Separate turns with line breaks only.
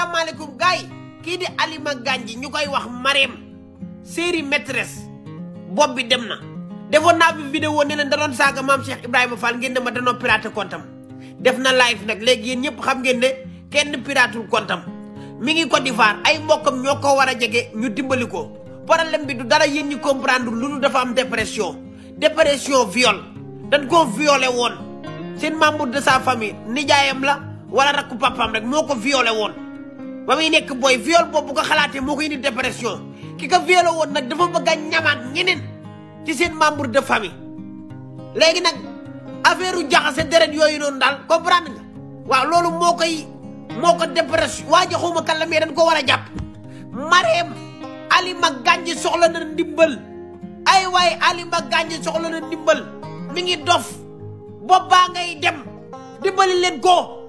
salaamaaleykum gars yi kii di Alima Ganji ñu koy wax Marème série maîtresse bopp bi dem na defoon naa bi vidéo ne leen da saaga maam Cheikh Ibrahima Fall ngeen ne ma danoo piraté kontam def na live nag léegi yéen ñëpp xam ngeen ne kenn piratul kontam mi ngi ko d'Ivoire ay mbokkam ñoo ko war a jege ñu dimbali ko problème bi du dara yéen ñi comprendre lu nu dafa am dépression dépression viol dañ koo violé woon seen membre de sa famille nijaayam la wala rakku papaam rek moo ko violé woon ba muy nekk booy viol boobu bu ko xalaatee moo ko indi dépression ki ko violé woon nag dafa bëgg a ñamaat ñeneen ci seen membre de famille léegi nag affaire u jaxase deret yooyu noonu daal comprendre nga waaw loolu moo koy moo ko dépression waa joxuma kan la dañ ko war a jàpp Marème Alima Gànji soxla na ndimbal ay waay Alima Gànji soxla na ndimbal mi ngi dof boobaa ngay dem dimbali leen ko